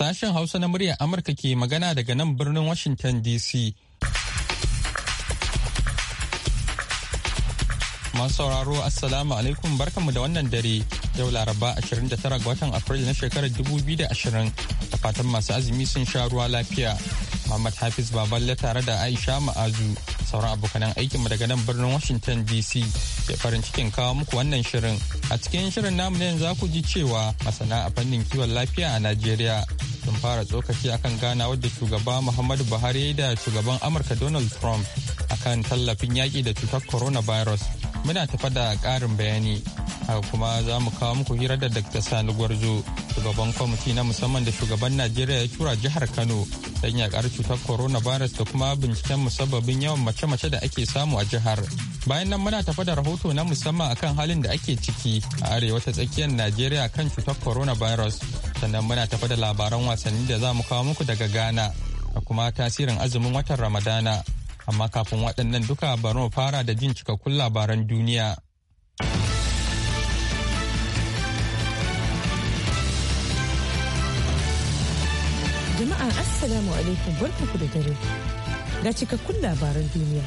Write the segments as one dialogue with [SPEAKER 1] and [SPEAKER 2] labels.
[SPEAKER 1] Sashen Hausa na muryar Amurka ke magana daga nan birnin Washington DC. Masu sauraro Assalamu alaikum barkanmu da wannan dare yau Laraba 29 ga watan Afrilu na shekarar 2020 da fatan masu azumi sun sha ruwa lafiya. Muhammad Hafiz Baballe tare da Aisha Ma'azu sauran abokanan aikinmu daga nan birnin Washington DC ke farin cikin kawo muku wannan shirin. A cikin shirin namu ne za ku ji cewa masana a fannin kiwon lafiya a Najeriya sun fara tsokaci akan ganawar wadda shugaba muhammadu buhari da shugaban amurka donald trump akan tallafin yaƙi da cutar coronavirus muna tafa da ƙarin bayani haka kuma za mu kawo muku hira da dr sani gwarzo shugaban kwamiti na musamman da shugaban najeriya ya tura jihar kano don Yaƙar cutar coronavirus da kuma binciken musabbabin yawan mace-mace da ake samu a jihar bayan nan muna tafa da rahoto na musamman akan halin da ake ciki a arewa ta tsakiyar najeriya kan cutar coronavirus sannan muna tafa da labaran wasanni da za mu kawo muku daga ghana da kuma tasirin azumin watan ramadana amma kafin waɗannan duka bari mu fara da jin cikakkun labaran duniya
[SPEAKER 2] jama'a assalamu alaikum barkanku da dare ga cikakkun labaran duniya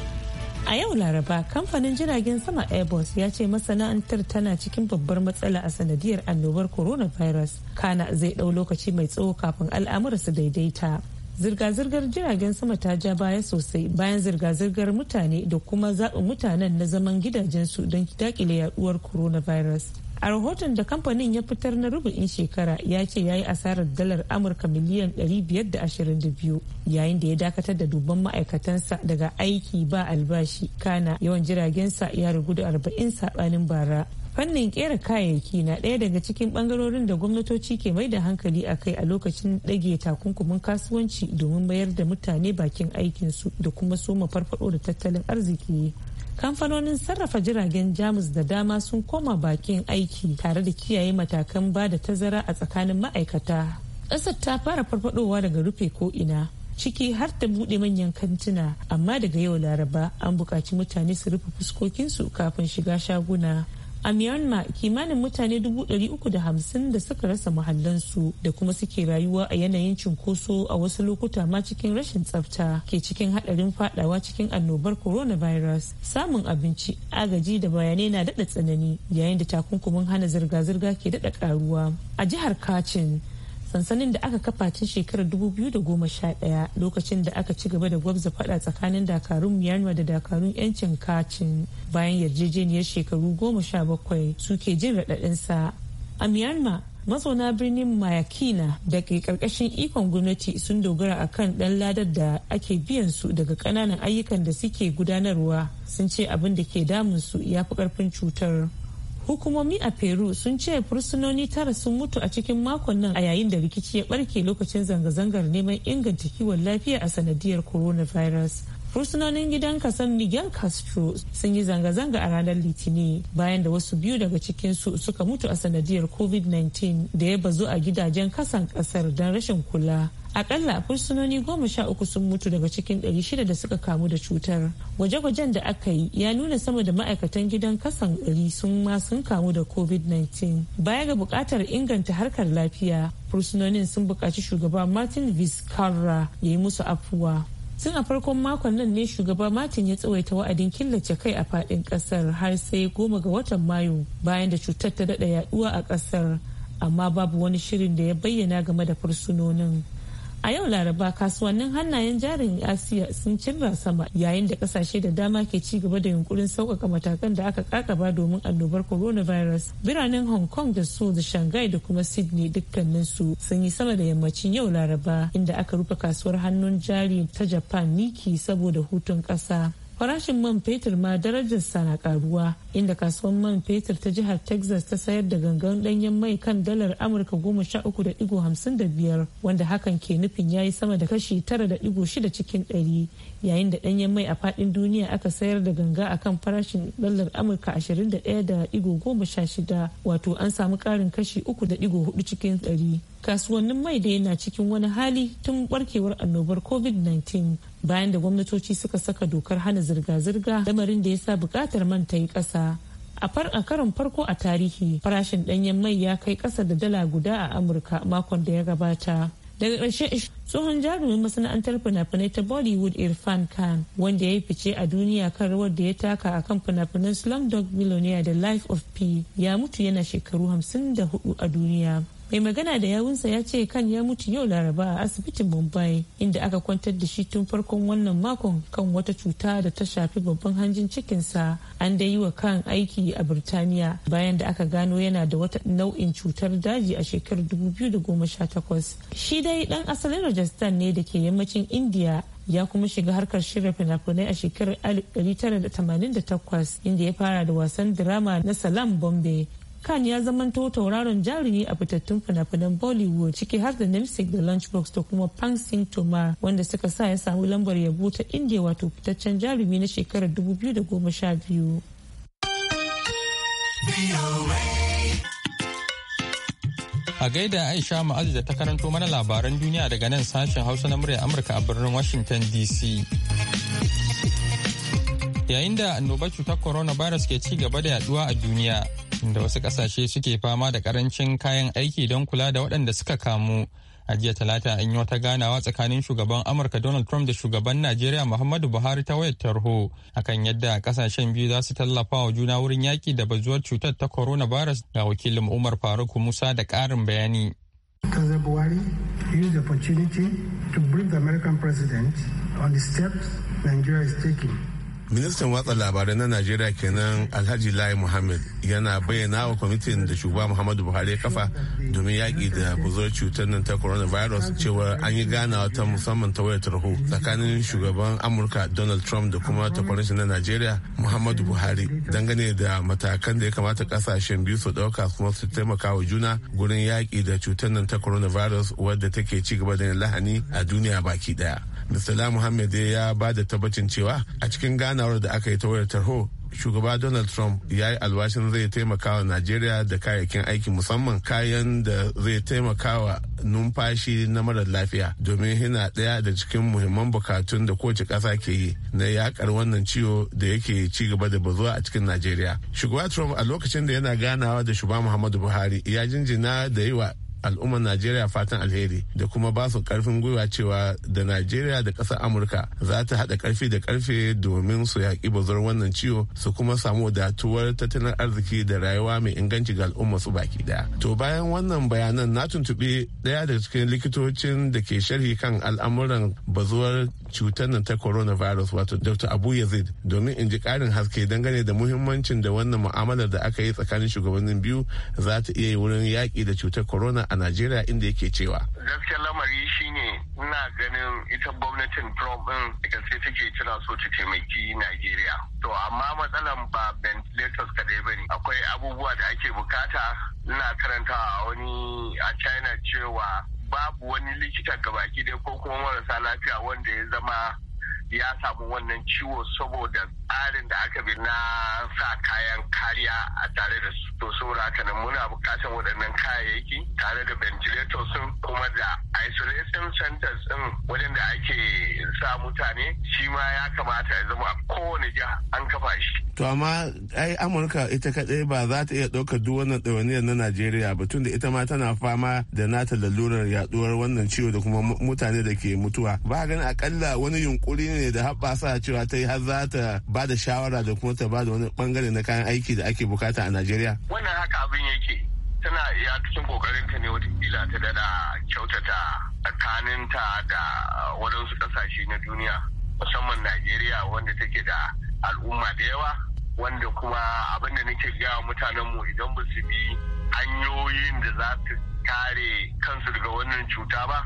[SPEAKER 2] A yau Laraba kamfanin jiragen sama Airbus ya ce masana'antar tana cikin babbar matsala a sanadiyar annobar coronavirus. Kana zai ɗau lokaci mai tsawo kafin al'amura su daidaita. Zirga-zirgar jiragen sama ta ja baya sosai bayan zirga-zirgar mutane da kuma zaɓin mutanen na zaman gidajensu don dakile yaduwar coronavirus. a rahoton da kamfanin ya fitar na rubu'in shekara ya ce ya yi asarar dalar amurka miliyan 522 yayin da ya dakatar da dubban ma'aikatansa daga aiki ba albashi kana yawan jiragensa ya rigu da 40 sabanin bara fannin kera kayayyaki na ɗaya daga cikin ɓangarorin da gwamnatoci ke mai da hankali a kai a lokacin dage takunkumin kasuwanci domin bayar da mutane bakin aikinsu da kuma soma farfaɗo da tattalin arziki kamfanonin sarrafa jiragen jamus da dama sun koma bakin aiki tare da kiyaye matakan ba da tazara a tsakanin ma'aikata ƙasar ta fara farfadowa daga rufe ko'ina ciki har ta buɗe manyan kantuna amma daga yau laraba an buƙaci mutane su rufe fuskokinsu kafin shiga shaguna a myanmar kimanin mutane 350 da suka rasa muhallansu da kuma suke rayuwa a yanayin cunkoso a wasu lokuta ma cikin rashin tsafta ke cikin hadarin fadawa cikin annobar coronavirus samun abinci agaji da bayanai na dada tsanani yayin da takunkumin hana zirga-zirga ke dada karuwa a jihar kacin sansanin da aka kafa tun shekarar 2011 lokacin da aka ci gaba da gwabza fada tsakanin dakarun myanmar da dakarun yancin kacin bayan yarjejeniyar shekaru 17 suke jin raɗaɗinsa a myanmar mazauna birnin mayakina da ke karkashin ikon gwamnati sun dogara a kan dan ladar da ake biyan su daga kananan ayyukan da suke gudanarwa sun ce abin da ke damun su ya fi karfin cutar hukumomi a peru sun ce fursunoni tara sun mutu a cikin makon nan a yayin da rikici ya barke lokacin zanga-zangar neman inganta kiwon lafiya a sanadiyar coronavirus fursunonin gidan kasan Miguel Castro sun yi zanga-zanga a ranar Litinin bayan da wasu biyu daga cikinsu suka mutu a sanadiyar COVID-19 da ya bazu a gidajen kasan kasar don rashin kula. akalla fursunoni goma sha uku sun mutu daga cikin ɗari shida da suka kamu da cutar gwaje-gwajen da aka yi ya nuna sama da ma'aikatan gidan kasan ɗari sun ma sun kamu da covid-19 baya ga buƙatar inganta harkar lafiya fursunonin sun buƙaci shugaba martin vizcarra ya yi musu afuwa tun a farkon makon nan ne shugaba martin ya tsawaita wa'adin killace kai a fadin kasar har sai goma ga watan mayu bayan da cutar ta daɗa yaduwa a kasar amma babu wani shirin da ya bayyana game da fursunonin A yau Laraba kasuwannin hannayen jarin Asiya sun cilla sama yayin da kasashe da dama ke ci gaba da yunkurin sauƙaƙa matakan da aka kakaba domin annobar coronavirus. Biranen Hong Kong da Seoul da Shanghai da kuma Sydney su sun yi sama da yammacin yau Laraba inda aka rufe kasuwar hannun jari ta Japan Niki saboda hutun ƙasa. farashin man fetur ma darajarsa na karuwa inda kasuwan man fetur ta jihar texas ta sayar da gangan danyen mai kan dalar amurka goma sha uku da digo hamsin da biyar wanda hakan ke nufin ya yi sama da kashi tara da digo shida cikin dari yayin da danyen mai a fadin duniya aka sayar da ganga a kan farashin dalar amurka ashirin da daya da digo goma sha shida wato an samu karin kashi uku da digo hudu cikin dari. kasuwannin mai da yana cikin wani hali tun barkewar annobar covid-19 bayan da gwamnatoci suka saka dokar hana zirga-zirga lamarin da ya sa bukatar man ta yi ƙasa a karon farko a tarihi farashin danyen mai ya kai ƙasa da dala guda a amurka makon da ya gabata daga ƙarshe tsohon jarumin masana'antar fina-finai ta bollywood irfan khan wanda ya yi fice a duniya kan rawar da ya taka a kan fina-finan slumdog millionaire da life of p ya mutu yana shekaru 54 a duniya mai magana da yawunsa ya ce kan ya mutu yau laraba a asibitin mumbai inda aka kwantar da shi tun farkon wannan makon kan wata cuta da ta shafi babban hanjin cikinsa an dai yi wa kan aiki a birtaniya bayan da aka gano yana da wata nau'in cutar daji a shekarar 2018 shi dai dan asalin rajasthan ne da ke yammacin india ya kuma shiga harkar shirya fina-finai a shekarar 1988 inda ya fara da wasan drama na salam bombay. kan ya zamanto tauraron jarumi a fitattun fina-finan bollywood ciki har da namesake da lunchbox da kuma pansing toma wanda suka sa ya samu lambar yabo ta india wato fitaccen jarumi na shekarar 2012
[SPEAKER 1] a gaida aisha ma'azu da ta karanto mana labaran duniya daga nan sashen hausa na murya amurka a birnin washington dc yayin da annobar cutar coronavirus ke ci gaba da yaduwa a duniya da wasu kasashe suke fama da karancin kayan aiki don kula da waɗanda suka kamu a jiya talata an yi wata ganawa tsakanin shugaban amurka donald trump da shugaban najeriya muhammadu buhari ta wayar tarho akan yadda kasashen biyu za su tallafa wa juna wurin yaki da bazuwar cutar ta coronavirus ga wakilin umar faruk musa da karin bayani
[SPEAKER 3] Buhari president
[SPEAKER 1] steps Nigeria is taking
[SPEAKER 4] ministan watsa labarai na najeriya kenan alhaji lai muhammad yana bayyana wa kwamitin da shugaba muhammadu buhari ya kafa domin yaƙi da buzar cutar nan ta coronavirus cewa an yi ganawa ta musamman ta wayar tarho tsakanin shugaban amurka donald trump da kuma takwarinsa na najeriya muhammadu buhari dangane da matakan da ya kamata kasashen biyu su ɗauka kuma su taimaka wa juna gurin yaƙi da cutar nan ta coronavirus wadda take ci gaba da lahani a duniya baki ɗaya Mr. Muhammad ya ba da tabbacin cewa a cikin ganawar da aka yi ta wayar tarho shugaba donald trump ya yi alwashin zai taimaka wa najeriya da kayayyakin aiki musamman kayan da zai taimaka wa numfashi na marar lafiya domin hina ɗaya da cikin muhimman bukatun da kowace ƙasa ke yi na yakar wannan ciwo da yake ci gaba da bazuwa a cikin najeriya shugaba trump a lokacin da yana ganawa da shugaba muhammadu buhari ya jinjina da yi wa al'ummar najeriya fatan alheri da kuma ba su karfin gwiwa cewa da najeriya da ƙasar amurka za ta haɗa ƙarfi da karfe domin su yaƙi bazar wannan ciwo su kuma samu wadatuwar tattalin arziki da rayuwa mai inganci ga al'umma su baki daya to bayan wannan bayanan na tuntuɓi ɗaya daga cikin likitocin da ke sharhi kan al'amuran bazuwar cutar nan ta coronavirus wato dr abu yazid domin in ji ƙarin haske dangane da muhimmancin da wannan mu'amalar da aka yi tsakanin shugabannin biyu za ta iya yi wurin yaƙi da cutar corona a Najeriya inda yake cewa. Gaskiyar lamari shine ina ganin ita gwamnatin Trump ɗin
[SPEAKER 5] da sai take tana so ta taimaki Najeriya. To amma matsalan ba ventilators kaɗai ba ne. Akwai abubuwa da ake bukata ina karanta a wani a China cewa babu wani likita gabaki dai ko kuma marasa lafiya wanda ya zama ya samu wannan ciwo saboda tsarin da aka bi na sa kayan kariya a tare da su to saboda haka nan muna bukatar waɗannan kayayyaki tare da ventilators sun kuma da isolation centers din wajen da ake sa mutane shi ma ya kamata ya zama kowane jiha an kafa shi
[SPEAKER 4] to amma ai amurka ita kadai ba za ta iya ɗaukar duk wannan ɗawainiyar na najeriya ba tunda ita ma tana fama da nata lalurar yaduwar wannan ciwo da kuma mutane da ke mutuwa ba ganin akalla wani yunkuri ne ne da haɓasa cewa ta yi har za ta ba da shawara da kuma ta ba da wani bangare na kayan aiki da ake bukata a Najeriya? Wannan haka abin yake tana iya cikin kokarin ta ne watakila ta dada
[SPEAKER 5] kyautata tsakaninta da waɗansu ƙasashe na duniya musamman Najeriya wanda take da al'umma da yawa wanda kuma abin da nake mutanen mu idan ba su bi hanyoyin da za su kare kansu daga wannan cuta ba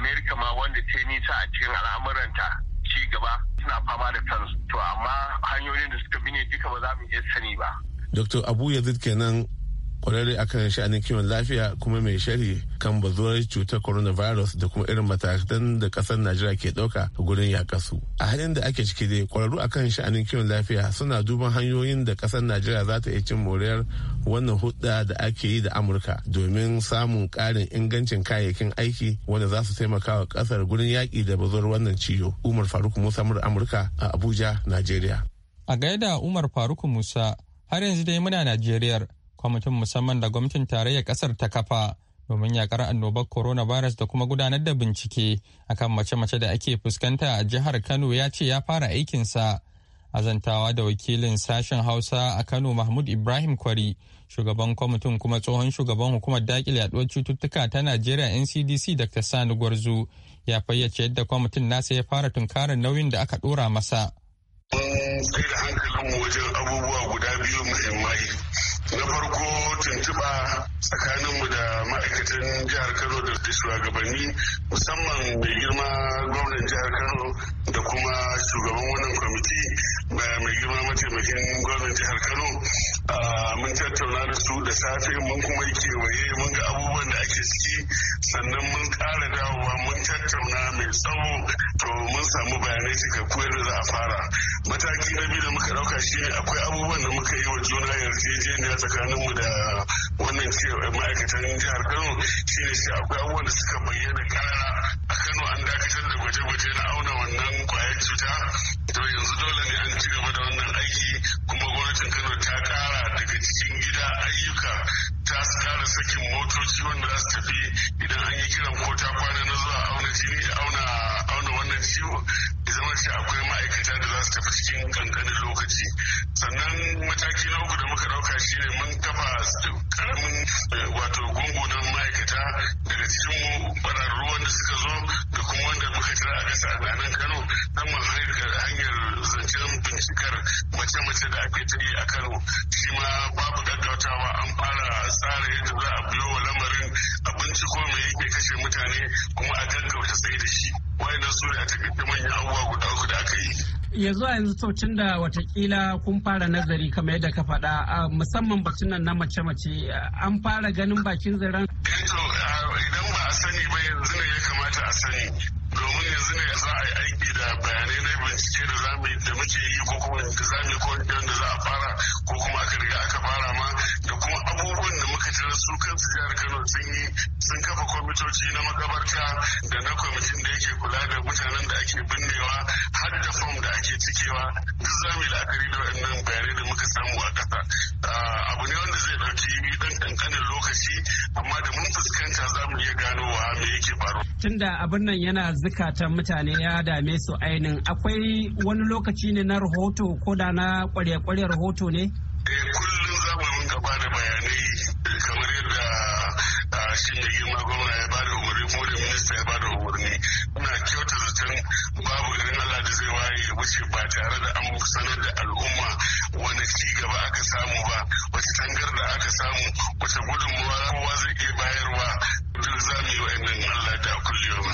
[SPEAKER 5] amerika ma wanda ta nisa a cikin al'amuranta ci gaba suna fama da kansu to amma hanyoyin da suka bi ne duka ba za mu iya sani ba.
[SPEAKER 4] Dr. Abu Yazid kenan kwararre akan sha'anin kiwon lafiya kuma mai shari kan bazuwar cutar coronavirus da kuma irin matakan da kasar najeriya ke ɗauka gurin yakasu a halin da ake ciki dai kwararru akan sha'anin kiwon lafiya suna duban hanyoyin da kasar najeriya za ta iya cin moriyar wannan hudda da ake yi da amurka domin samun karin ingancin kayayyakin aiki wanda za su taimaka wa ƙasar gurin yaƙi da bazuwar wannan ciwo umar faruk musa mur amurka a abuja najeriya
[SPEAKER 1] a gaida umar faruk musa har yanzu dai muna najeriya kwamitin musamman da gwamnatin tarayyar kasar ta kafa domin yakar annobar coronavirus da kuma gudanar da bincike akan mace-mace da ake fuskanta a jihar kano ya ce ya fara aikinsa azantawa da wakilin sashen hausa a kano mahmud ibrahim kwari shugaban kwamitin kuma tsohon shugaban hukumar dakile yaduwar cututtuka ta najeriya ncdc dr sani gwarzo ya fayyace yadda kwamitin nasa ya fara tunkarar nauyin da aka dora masa.
[SPEAKER 6] Mun kai da wajen abubuwa guda biyu muhimmai. na farko tuntuɓa tsakaninmu da ma'aikatan jihar kano da shugabanni musamman mai girma gwamnan jihar kano da kuma shugaban wannan kwamiti mai girma mataimakin gwamnan jihar kano ah, mun tattauna da su da safe mun kuma yi kewaye mun ga abubuwan da ake ciki sannan mun ƙara dawowa mun tattauna mai tsawo to mun samu bayanai cikakku da za a fara mataki na biyu da muka ɗauka shine akwai abubuwan da muka yi wa juna yarjejeniya tsakaninmu da wannan ma'aikatan jihar kano shine shi akwai abubuwan da suka bayyana kara a kano an dakatar da gwaje-gwaje na auna wannan kwayar cuta to yanzu dole ne an ci gaba da wannan aiki kuma gwamnatin kano
[SPEAKER 7] so da watakila kun fara nazari kamar yadda ka faɗa musamman batun nan na mace-mace an fara ganin bakin zaren.
[SPEAKER 6] idan ba a sani ba yanzu ne ya kamata a sani domin yanzu ne za a yi aiki da bayanai na bincike da da muke yi ko kuma da za mu yi ko da za a fara ko kuma aka riga aka fara ma ganin su kansu jihar kano sun yi sun kafa kwamitoci na makabarta da na kwamitin da yake kula da mutanen da ake binnewa har da fom da ake cikewa duk za mu yi la'akari da wannan bayanai da muka samu a ƙasa ah, abu ne wanda zai ɗauki ɗan ƙanƙanin lokaci amma da mun fuskanta za mu iya ganowa
[SPEAKER 7] me yake faruwa. tunda abin nan yana zukata mutane ya dame su ainihin akwai wani lokaci ne na rahoto ko da na kwarya-kwarya rahoto ne?
[SPEAKER 6] Eh, kullum za mu gaba da bayanai shi da girma gwamna ya bada umarni kuma da minista ya bada umarni muna kyauta zaton babu garin Allah da zai waye ya wuce ba tare da an sanar da al'umma wani ci gaba aka samu ba tangar da aka samu wace gudunmawa kowa zai iya bayarwa duk za mu yi wa'annan
[SPEAKER 1] Allah da kullewa.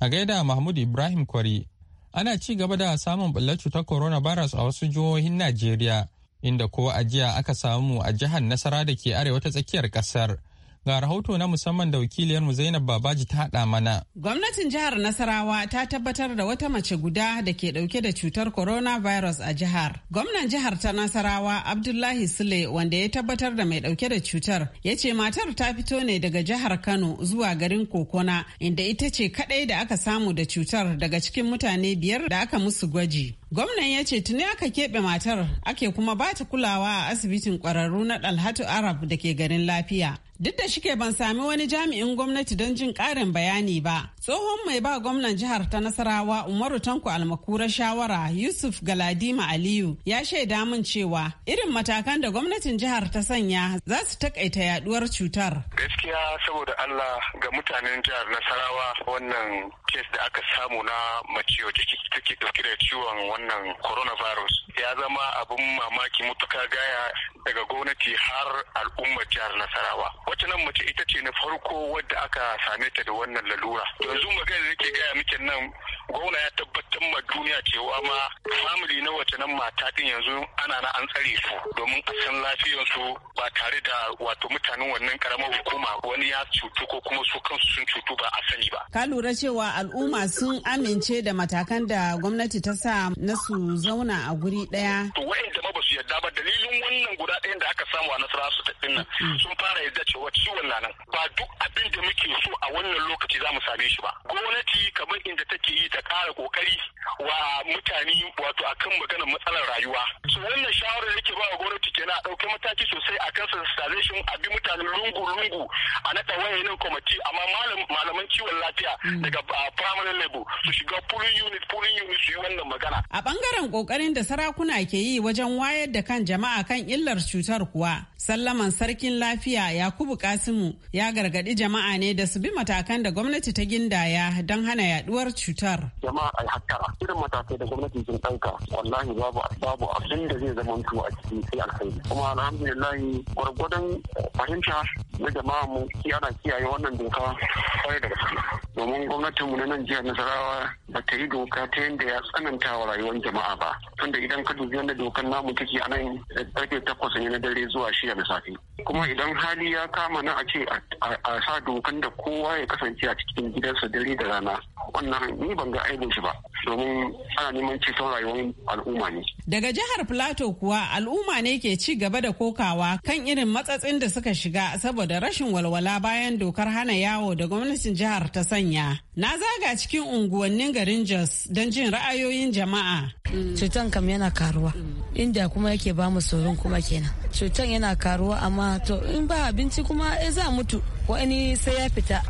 [SPEAKER 1] A gaida Mahmud Ibrahim Kwari ana ci gaba da samun ɓullar cutar coronavirus a wasu jihohin Najeriya. inda kowa a jiya aka samu a jihar nasara da ke arewa ta tsakiyar ƙasar. Ga rahoto na musamman da wakiliyarmu Zainab Babaji ta haɗa mana.
[SPEAKER 7] Gwamnatin jihar Nasarawa ta tabbatar da wata mace guda da ke ɗauke da cutar coronavirus a jihar. Gwamnan jihar ta Nasarawa Abdullahi Sule wanda ya tabbatar da mai ɗauke da cutar ya ce matar ta fito ne daga jihar Kano zuwa garin Kokona inda ita ce kaɗai da aka samu da cutar daga cikin mutane biyar da aka musu gwaji. Gwamnan ya ce tuni aka keɓe matar ake kuma bata kulawa a asibitin ƙwararru na Dalhatu Arab da ke garin lafiya. Duk da shike ban sami wani jami'in gwamnati don jin ƙarin bayani ba, Tsohon mai ba gwamnan jihar ta Nasarawa Umaru Tanko Almakura shawara Yusuf Galadima Aliyu ya shaida min cewa irin matakan da gwamnatin jihar ta sanya za su takaita yaduwar cutar.
[SPEAKER 5] Gaskiya saboda Allah ga mutanen jihar Nasarawa wannan kes da aka samu na mace wacce take dauke da ciwon wannan coronavirus ya zama abin mamaki mutuka gaya daga gwamnati har al'ummar jihar Nasarawa. Wacce nan mace ita ce na farko wadda aka same ta da wannan lalura. yanzu magana da ke gaya miki nan gwamna ya tabbatar ma duniya cewa ma family na wace nan mata din yanzu ana na an tsare su domin a san lafiyarsu ba tare da wato mutanen wannan karamar hukuma wani ya cutu ko kuma su kansu sun cutu ba a sani
[SPEAKER 7] ba. Ka lura cewa al'umma sun amince da matakan da gwamnati ta sa na su zauna a guri ɗaya. Wa'inda ma ba su
[SPEAKER 5] yarda ba dalilin wannan guda ɗaya da aka samu a nasara su nan sun fara yarda cewa ciwon na nan ba duk abin da muke so a wannan lokaci za mu same shi su ba gwamnati kamar inda take yi ta ƙara ƙoƙari wa mutane wato akan maganar matsalar rayuwa su wannan shawarar yake ba wa gwamnati a ɗauki mataki sosai a kan sensitization a bi mutane lungu-lungu a naɗa nan kwamiti amma malaman kiwon lafiya hmm. daga primary level su shiga pulling unit pulling unit su yi wannan magana.
[SPEAKER 7] A bangaren kokarin da sarakuna ke yi wajen wayar da kan jama'a kan illar cutar kuwa sallaman sarkin lafiya Yakubu Kasimu ya gargadi jama'a ne da su bi matakan da gwamnati ta gindaya don hana yaduwar cutar.
[SPEAKER 5] Jama'a ai hakkara irin matakai da gwamnati sun ɗauka wallahi babu babu abin da zai zama a cikin sai alkhairi. kuma alhamdulillah gwargwadon fahimta na jama'a mu yana kiyaye wannan doka kwarai da gaske domin gwamnatinmu na nan jiya, nasarawa ba ta yi doka ta yadda ya tsananta wa rayuwar jama'a ba tunda idan ka dubi wanda dokar namu take a nan eh, karfe takwas ne na dare zuwa shiya na safe kuma idan hali ya kama na a ce a sa dokan da kowa ya kasance a cikin gidansa dare da rana wannan ni ban ga aibin shi ba domin ana neman ceton rayuwar al'umma ne
[SPEAKER 7] Daga jihar Plateau kuwa al'umma ne ke ci gaba da kokawa kan irin matsatsin da suka shiga saboda rashin walwala bayan dokar hana yawo da gwamnatin jihar ta sanya. Na zaga cikin unguwannin garin Jos don jin ra'ayoyin jama'a. Cutan kam yana karuwa, inda kuma yake ba mu tsoron kuma kenan. Cutan yana karuwa amma to in ba abinci kuma za mutu, wani sai ya
[SPEAKER 8] fita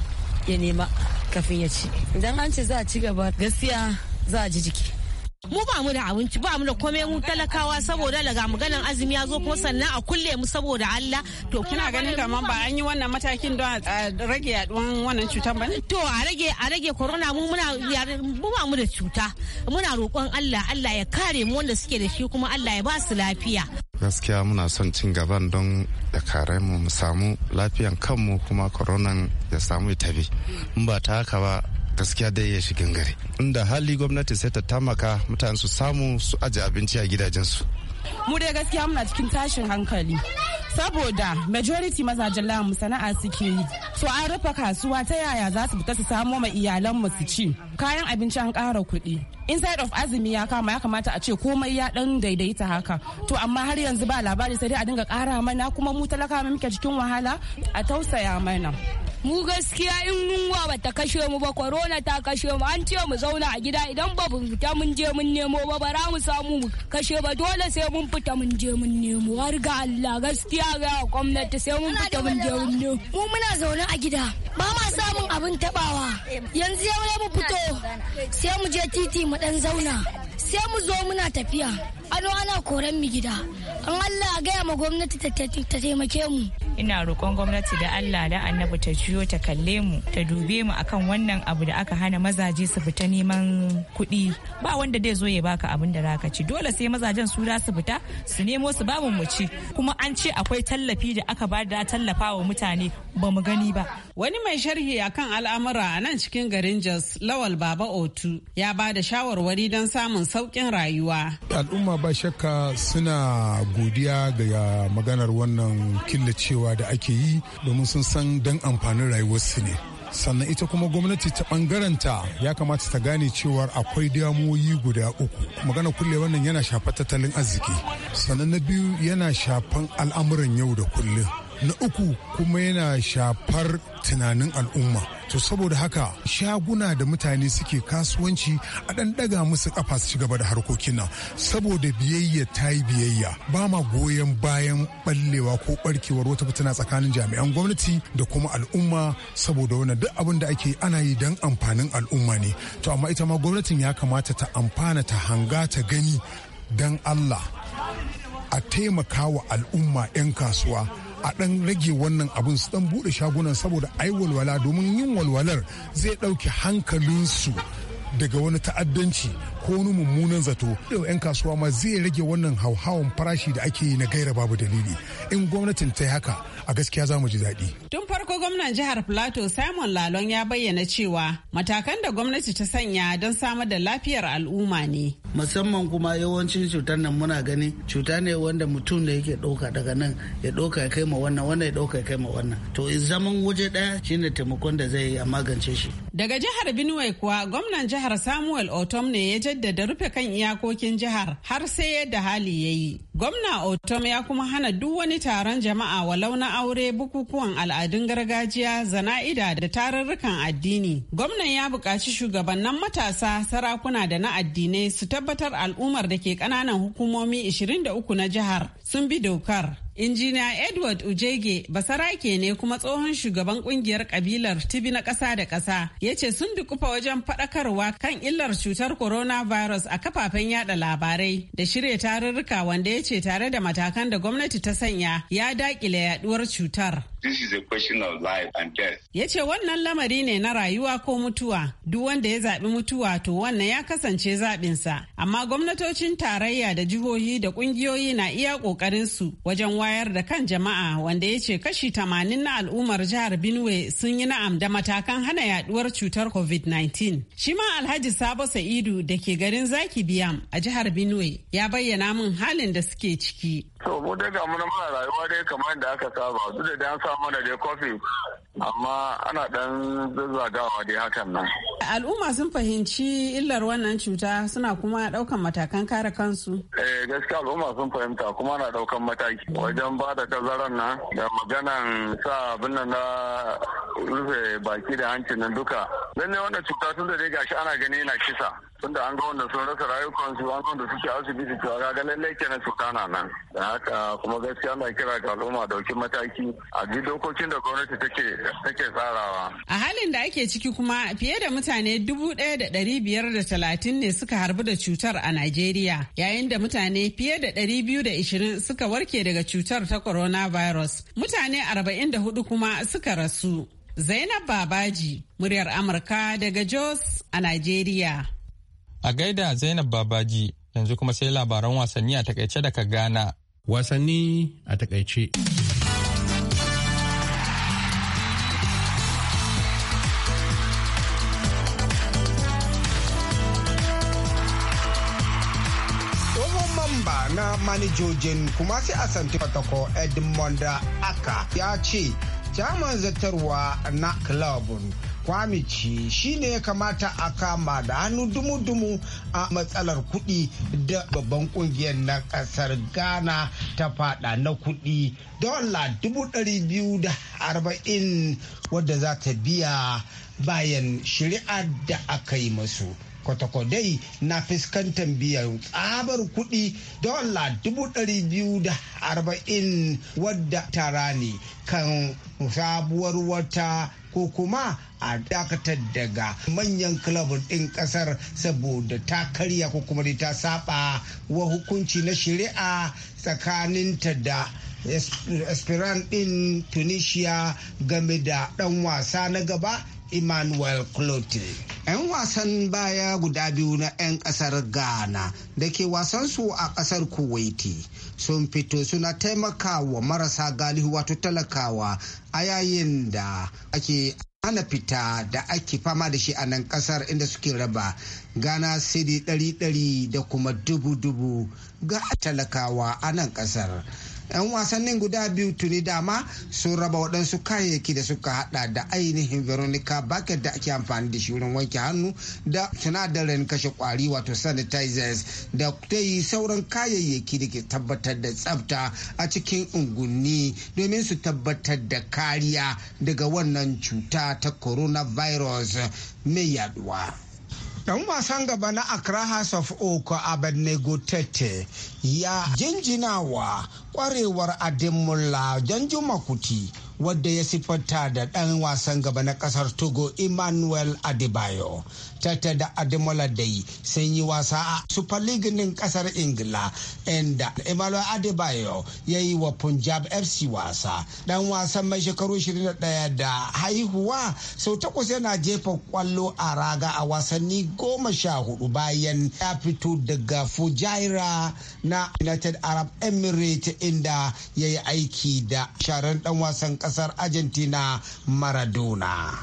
[SPEAKER 8] ya nema kafin ya ci. Idan an ce za a ci gaba gaskiya za a ji
[SPEAKER 7] jiki. mu ba mu da abinci ba mu da komai mu talakawa saboda daga maganan azumi ya zo kuma sannan a kulle mu saboda Allah to kina ganin kamar ba an yi wannan matakin don a rage yaduwan wannan cutar ba to a rage a rage corona mu muna mu ba mu da cuta muna roƙon Allah Allah ya kare mu wanda suke da shi kuma Allah ya ba su lafiya
[SPEAKER 3] gaskiya muna son cin gaban don da kare mu mu samu lafiyan kanmu kuma corona
[SPEAKER 9] ya samu itabi in ba ta haka ba gaskiya dai ya shigin gari inda hali gwamnati sai ta tamaka mutane su samu su aje abinci a gidajensu
[SPEAKER 7] mu dai gaskiya muna cikin tashin hankali saboda majority mazajen lamu sana'a suke yi to an rufe kasuwa ta yaya za su fita su samo ma iyalan mu su ci kayan abinci an ƙara kuɗi inside of azumi ya kama ya kamata a ce komai ya dan daidaita haka to amma har yanzu ba labari sai dai a dinga kara mana kuma mu talaka muke cikin wahala a tausaya mana mu
[SPEAKER 8] gaskiya in yunwa bata kashe mu ba corona ta kashe mu an ce mu zauna a gida idan ba mu fita mun je mun nemo ba bara mu samu mu kashe ba dole sai mun fita mun je mun nemo har ga Allah gaskiya ga gwamnati sai mun fita mun je mun nemo mu muna zaune a gida ba ma samun abin tabawa yanzu yau mu fito sai mu je titi mu dan zauna sai mu zo muna tafiya ano ana koren mu gida an Allah a gaya ma gwamnati ta taimake mu ina roƙon gwamnati da Allah da annabi ta juyo ta
[SPEAKER 2] kalle mu ta dube mu akan wannan abu da aka hana mazaje su fita neman kuɗi ba wanda zai zo ya baka abin da zaka ci dole sai mazajen su da su fita su nemo su babu mu ci kuma an ce akwai tallafi da aka ba da tallafa wa mutane ba mu gani ba. Wani mai
[SPEAKER 7] sharhi akan al'amura a nan cikin garin Jos Lawal Baba Otu ya ba da shawarwari don samun sauƙin rayuwa.
[SPEAKER 3] Al'umma ba shakka suna godiya ga maganar wannan killacewa da ake yi domin sun san don amfanin rayuwarsu ne. sannan ita kuma gwamnati ta bangaranta ya kamata ta gane cewar akwai damoyi guda uku magana kulle wannan yana shafar tattalin arziki sannan na biyu yana shafan al'amuran yau da kullum na uku kuma yana shafar tunanin al'umma to saboda haka shaguna da mutane suke kasuwanci a ɗan ɗaga musu ƙafa su gaba da harkokin nan saboda biyayya ta yi biyayya ba ma goyon bayan ɓallewa ko ɓarkewar wata fitina tsakanin jami'an gwamnati da kuma al'umma saboda wannan duk abin da ake ana yi don amfanin al'umma ne to amma ita ma gwamnatin ya kamata ta amfana ta hanga ta gani don allah a taimaka wa al'umma 'yan kasuwa a ɗan rage wannan abin su ɗan buɗe shagunan saboda ai walwala domin yin walwalar zai ɗauki hankalinsu daga wani ta'addanci ko wani mummunan zato yau 'yan kasuwa ma zai rage wannan hauhawan farashi da ake yi na gaira babu dalili in gwamnatin ta yi haka a gaskiya za mu ji daɗi.
[SPEAKER 7] tun farko gwamnan jihar plateau simon lalon ya bayyana cewa matakan da gwamnati ta sanya don samar da lafiyar al'umma ne.
[SPEAKER 9] musamman kuma yawancin cutar nan muna gani cuta ne wanda mutum da yake ɗauka daga nan ya ɗauka ya kai ma wannan wannan ya ɗauka ya kai ma wannan to in zaman waje ɗaya shine taimakon da zai yi a magance
[SPEAKER 8] shi.
[SPEAKER 7] daga jihar benue kuwa gwamnan jihar samuel otom ne ya da rufe kan iyakokin jihar har sai yadda hali ya yi. Gwamna Otom ya kuma hana duk wani taron jama'a wa na aure bukukuwan al'adun gargajiya zana'ida da tarurrukan addini. Gwamnan ya buƙaci shugabannin matasa sarakuna da na addinai su tabbatar al'ummar da ke ƙananan hukumomi 23 na jihar sun bi dokar. Injiniya Edward Ujege basarake ne kuma tsohon shugaban kungiyar kabilar Tibi na ƙasa da ƙasa ya ce sun dukufa wajen faɗakarwa kan illar cutar coronavirus a kafafen yada labarai da shirya tarurruka wanda ya ce tare da matakan da gwamnati ta sanya ya daƙile yaduwar cutar.
[SPEAKER 9] This is a question of life and death.
[SPEAKER 7] Ya wannan lamari ne na rayuwa ko mutuwa. Duk wanda ya zaɓi mutuwa to wannan ya kasance zaɓinsa. Amma gwamnatocin tarayya da jihohi da ƙungiyoyi na iya su wajen wayar da kan jama'a wanda ya ce kashi tamanin na al'ummar jihar Benue sun yi na'am da matakan hana yaduwar cutar COVID-19. Shi ma Alhaji Sabo Sa'idu da ke garin Zaki Biyam a jihar Benue ya bayyana min halin da suke ciki.
[SPEAKER 5] to mu dai ga muna muna rayuwa dai kamar da aka saba duk da an sa mana dai kofi amma ana dan zazzagawa dai hakan nan.
[SPEAKER 7] Al'umma sun fahimci illar wannan cuta suna kuma daukan matakan kare kansu.
[SPEAKER 5] Eh gaskiya al'umma sun fahimta kuma na daukan mataki wajen ba da tazaran nan da maganan sa abin nan na rufe baki da hancin nan duka. ne wannan cuta tun da dai gashi ana gani yana kisa. tunda an ga wanda sun rasa rayukansu an ga wanda suke asibiti to ga ga lallai kenan na na nan da haka kuma gaskiya ana kira ga al'umma dauki mataki a ji dokokin da gwamnati take take tsarawa.
[SPEAKER 7] A halin da ake ciki kuma fiye da mutane dubu ɗaya da ɗari biyar da talatin ne suka harbu da cutar a Najeriya yayin da mutane fiye da ɗari biyu da ishirin suka warke daga cutar ta coronavirus. Mutane arba'in da hudu kuma suka rasu. Zainab Babaji, muryar Amurka daga Jos a Najeriya.
[SPEAKER 1] A gaida Zainab Babaji, yanzu kuma sai labaran wasanni a takaice daga Ghana. Wasanni a takaice.
[SPEAKER 9] mani kuma sai a santi fatako edmond aka ya ce jaman zartarwa na clubin kwamici shine ya kamata a kama da hannu dumu-dumu a matsalar kudi. da babban kungiyar na kasar ghana ta fada na kudi. dola arba'in wadda za ta biya bayan shari'ar da aka yi masu kwatakwadai na fuskantar biyan tsabar kuɗi dola dubu ɗari biyu da arba'in wadda tara ne kan sabuwar wata ko kuma a dakatar daga manyan kilabun ɗin ƙasar saboda ta karya ko kuma ta saba wa hukunci na shari'a tsakaninta da esperan ɗin tunisia game da ɗan wasa na gaba emmanuel clotilde 'yan wasan baya guda biyu na 'yan kasar ghana da ke wasansu a kasar kuwaiti sun fito suna taimakawa marasa galihu wato talakawa a yayin da ake hana fita da ake fama da shi a nan kasar inda suke raba gana sidi ɗari da kuma dubu-dubu ga talakawa a nan kasar 'yan wasannin guda biyu tuni dama sun raba waɗansu kayayyaki da suka hada da ainihin veronica bucket da ake amfani da shirin wanke hannu da sinadarin kashe kwari wato sanitizers da dai sauran kayayyaki da ke tabbatar da tsafta a cikin unguwanni domin su tabbatar da kariya daga wannan cuta ta coronavirus mai yaduwa. Dan wasan gaba na Accra House of Oak Abednego Tete ya jinjinawa kwarewar Ademola Danjuma Kuti wadda ya siffanta da ɗan wasan gaba na ƙasar Togo Emmanuel Adebayo. tata da ademola dai sun yi wasa a super league nin kasar ingila inda emmanuel adebayo ya yi wa punjab fc wasa dan wasan mai shekaru 21 da haihuwa sau takwas yana jefa kwallo a raga a wasanni goma sha hudu bayan ya fito daga fujaira na united arab emirates inda ya yi aiki da sharan dan wasan kasar argentina maradona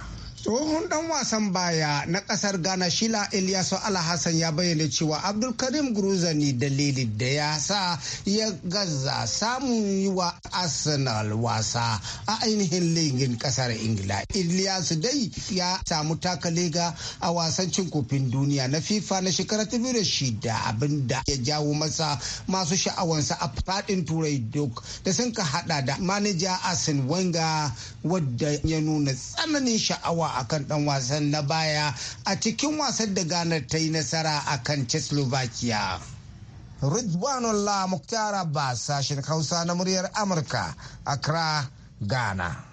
[SPEAKER 9] tsohon dan wasan baya na kasar ghana shila ilyasu alhassan ya bayyana cewa abdulkarim gruzani dalilin da ya sa ya gaza samun yi wa arsenal wasa a ainihin ligin kasar ingila ilyasu dai ya samu takale ga a wasan cin kofin duniya na fifa na shekarar shida abinda ya jawo masa masu sha'awansa a fadin turai duk da sun ka hada da manaja arsene wenger wadda ya nuna tsananin sha'awa Akan kan dan wasan na baya a cikin wasan da ganar ta yi nasara a kan Czechoslovakia. Ridwanullah Muktar Abbas sashen Hausa na muryar Amurka, Accra, Ghana.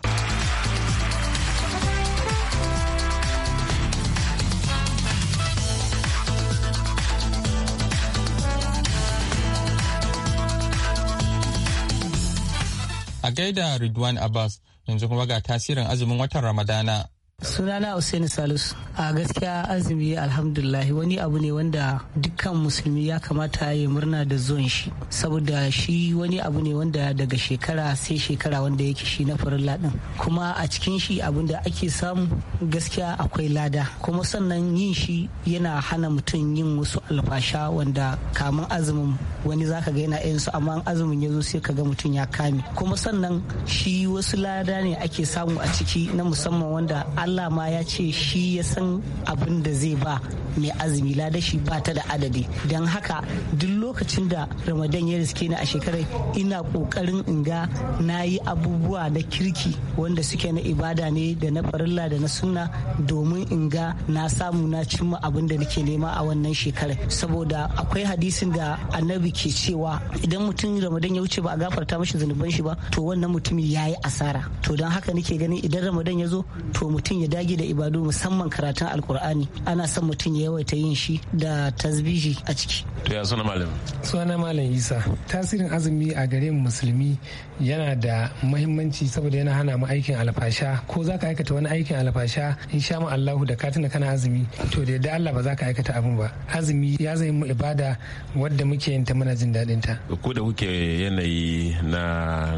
[SPEAKER 1] a gaida Ridwan Abbas yanzu kuma ga tasirin azumin watan Ramadana
[SPEAKER 8] sunana Usaini Salisu a gaskiya azumi alhamdulillah wani abu ne wanda dukkan musulmi ya kamata ya murna da zuwan shi saboda shi wani abu ne wanda daga shekara sai shekara wanda yake shi na farin ladin kuma a cikin shi abin da ake samu gaskiya akwai lada kuma sannan yin shi yana hana mutum yin wasu alfasha wanda kamun azumin wani zaka ga yana yin su amma azumin ya zo sai ka ga mutum ya kame kuma sannan shi wasu lada ne ake samu a ciki na musamman wanda Allah ma ya ce shi ya san abin da zai ba mai azumi ladashi ba ta da adadi don haka duk lokacin da ramadan ya riske ni a shekarar ina kokarin in ga na yi abubuwa na kirki wanda suke na ibada ne da na farilla da na sunna domin in ga na samu na cimma abin da nake nema a wannan shekarar saboda akwai hadisin da annabi ke cewa idan mutum ramadan ya wuce ba a gafarta mashi zunuban shi ba to wannan mutumin ya yi asara to don haka nake ganin idan ramadan ya zo to mutum ya dage da ibadu musamman karatun alkur'ani ana son mutum ya yawaita yin shi da tasbihi
[SPEAKER 2] a ciki
[SPEAKER 4] to ya suna malam
[SPEAKER 2] suna malam isa tasirin azumi a gare musulmi yana da muhimmanci saboda yana hana mu aikin alfasha ko za ka aikata wani aikin alfasha in sha mu allahu da katina kana azumi to da yadda allah ba za ka aikata abin ba azumi ya zai mu ibada wadda muke yin ta muna jin daɗin ta
[SPEAKER 4] ko da kuke yanayi na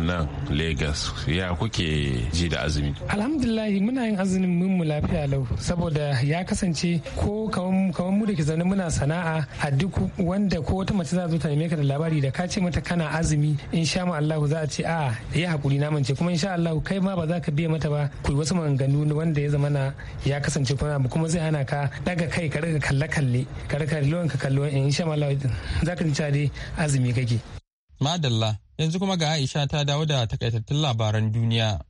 [SPEAKER 4] nan lagos ya kuke ji da azumi
[SPEAKER 2] alhamdulillah muna yin azumi mun mu lafiya lau saboda ya kasance ko kawan mu da ke zaune muna sana'a a duk wanda ko wata mace za zo ta neme ka da labari da ka ce mata kana azumi in sha ma Allah za a ce a ya hakuri na mance kuma in sha Allah kai ma ba za ka biya mata ba ku yi wasu maganganu wanda ya zama na ya kasance kuna kuma zai hana ka daga kai ka daga kalle kalle ka daga kallon ka kallon in sha ma Allah za ka ji dai azumi kake
[SPEAKER 1] madalla yanzu kuma ga Aisha ta dawo da takaitattun labaran duniya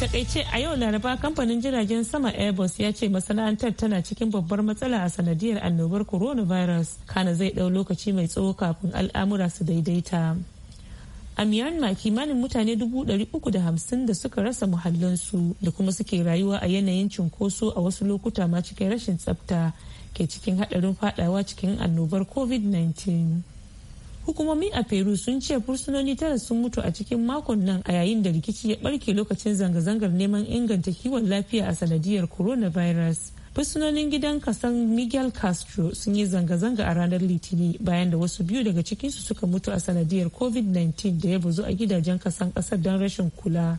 [SPEAKER 1] takaice a
[SPEAKER 2] yau laraba kamfanin jiragen sama airbus ya ce masana'antar tana cikin babbar matsala a sanadiyar annobar coronavirus kana zai ɗau lokaci mai tsawo kafin al'amura su daidaita a myanmar kimanin mutane 350 da suka rasa muhallinsu da kuma suke rayuwa a yanayin cunkoso a wasu lokuta ma cikin rashin tsafta ke cikin haɗarin faɗawa cikin annobar covid-19 hukumomi a peru sun ce fursunoni tara sun mutu a cikin makon nan a yayin da rikici ya barke lokacin zanga-zangar neman inganta kiwon lafiya a sanadiyar coronavirus fursunonin gidan kasan miguel castro sun yi zanga-zanga a ranar litini bayan da wasu biyu daga cikinsu suka mutu a sanadiyar covid-19 da ya bazu a gidajen kasan kasar don rashin kula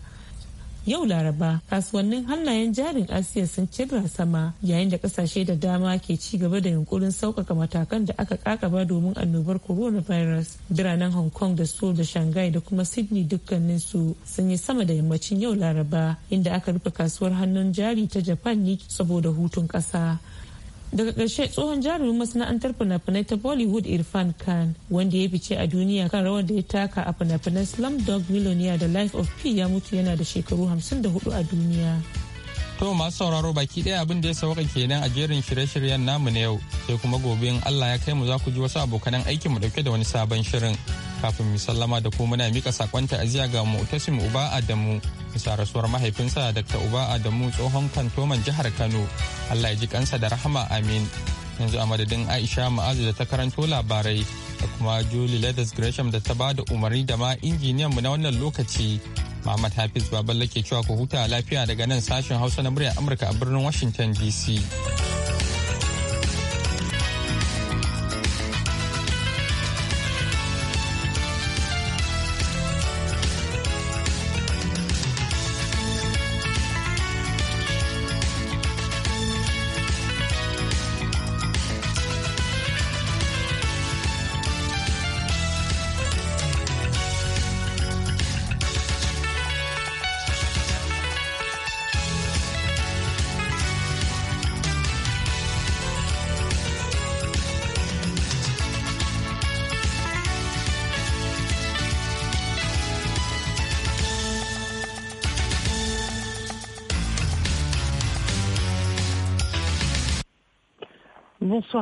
[SPEAKER 2] yau laraba kasuwannin hannayen jarin asiya sun cirra sama yayin da kasashe da dama ke ci gaba da yunkurin sauƙaƙa matakan da aka kakaba domin annobar coronavirus biranen hong kong da seoul da shanghai da kuma sydney dukkanin su sun yi sama da yammacin yau laraba inda aka rufe kasuwar hannun jari ta japan ne saboda hutun ƙasa daga ƙarshe tsohon jarumin masana'antar fina-finai ta bollywood irfan khan wanda ya fice a duniya kan rawar da ya taka a fina slam dog millionaire da life of p ya mutu yana da shekaru 54 a duniya
[SPEAKER 1] To masu sauraro baki ɗaya abin da ya sauka kenan a jerin shirye-shiryen namu na yau sai kuma gobe in Allah ya kai mu za ku ji wasu abokan aikin mu dauke da wani sabon shirin kafin mu sallama da ku muna mika sakon ta'aziya ga Mu'tasim Uba Adamu bisa rasuwar mahaifinsa Dr. Uba Adamu tsohon kantoman jihar Kano Allah ya ji kansa da rahama amin yanzu a madadin Aisha Ma'azu da ta karanto labarai da kuma Julie Ladies Gresham da ta ba da umarni da ma injiniyan mu na wannan lokaci Muhammad Hafiz Baballe ke cewa ku huta lafiya daga nan sashen Hausa na muryar Amurka a birnin Washington DC. Bonsoir